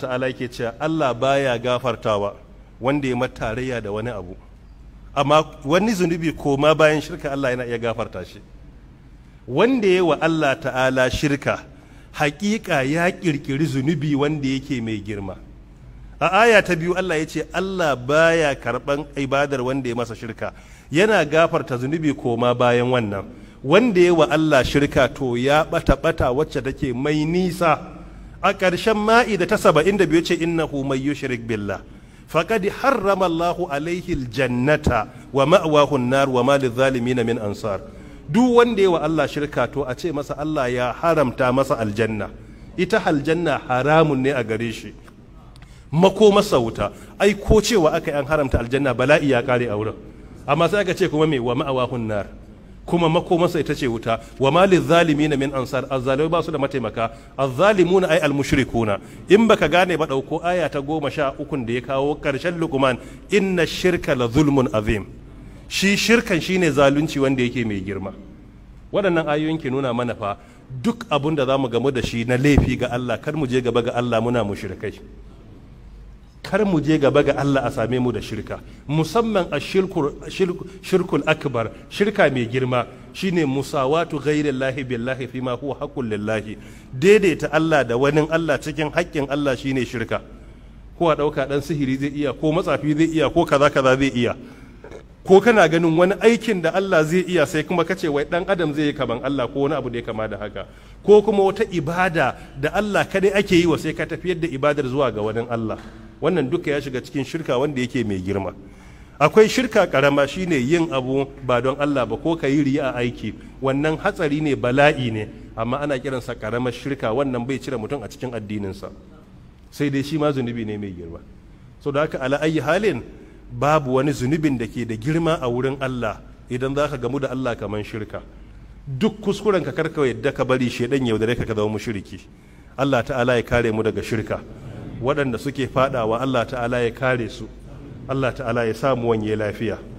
ta'ala yake cewa Allah baya gafartawa wanda ya tarayya da wani abu amma wani zunubi ko ma bayan shirka Allah yana iya gafarta shi wanda yawa Allah ta'ala shirka hakika ya kirkiri zunubi wanda yake mai girma a aya ta biyu Allah ya ce Allah baya karban ibadar wanda ya masa shirka yana gafarta zunubi ko ma bayan wannan wanda yawa wa Allah shirka to ya bata bata wacce take mai nisa a ƙarshen ma'ida ta saba'in da biyu ce innahu mai yushrik billah faƙadi harrama Allahu alaihi jannata wa ma'awahu nar wa ma na min ansar duk wanda yawa Allah shirka to a ce masa Allah ya haramta masa aljanna ita aljanna haramun ne a gare shi mako masa wuta ai ko cewa aka yi an haramta aljanna bala'i ya kare a wurin amma sai aka ce kuma me wa ma'awahu nar kuma makomansa ita ce wuta wa malil na min ansar azzalai ba su da mataimaka na ay almushrikuna in baka gane ba dauko aya ta goma sha ukun da ya kawo karshen lukman inna shirka la zulmun azim shi shirkan shine zalunci wanda yake mai girma waɗannan ayoyin ke nuna mana fa duk abun da za gamu da shi na laifi ga Allah kar mu je gaba ga Allah muna mushrikai kar mu je gaba ga Allah a same mu da shirka musamman a shirkul akbar shirka mai girma shine musawatu ghairi lahi billahi fi ma huwa haqqul lillahi daidaita Allah da wani Allah cikin haƙƙin Allah shine shirka ko a ɗauka ɗan sihiri zai iya ko matsafi zai iya ko kaza kaza zai iya ko kana ganin wani aikin da Allah zai iya sai kuma kace wai ɗan adam zai yi kaman Allah ko wani abu da ya kama da haka ko kuma wata ibada da Allah kadai ake yi wa sai ka tafiyar da ibadar zuwa ga wani Allah wannan duka ya shiga cikin shirka wanda yake mai girma akwai shirka karama shine yin abu ba don Allah ba ko ka yi riya a aiki wannan hatsari ne bala'i ne amma ana kiransa karamar shirka wannan bai cire mutum a cikin addininsa sai dai shi ma zunubi ne mai girma so da haka ala halin babu wani zunubin da ke da girma a wurin Allah idan za ka gamu da Allah kamar shirka duk kuskuren ka karka yadda ka bari shaidan yaudare ka ka zama mushriki Allah ta'ala ya kare mu daga shirka waɗanda suke faɗawa Allah ta'ala ya kare su Allah ta'ala ya samu wanye lafiya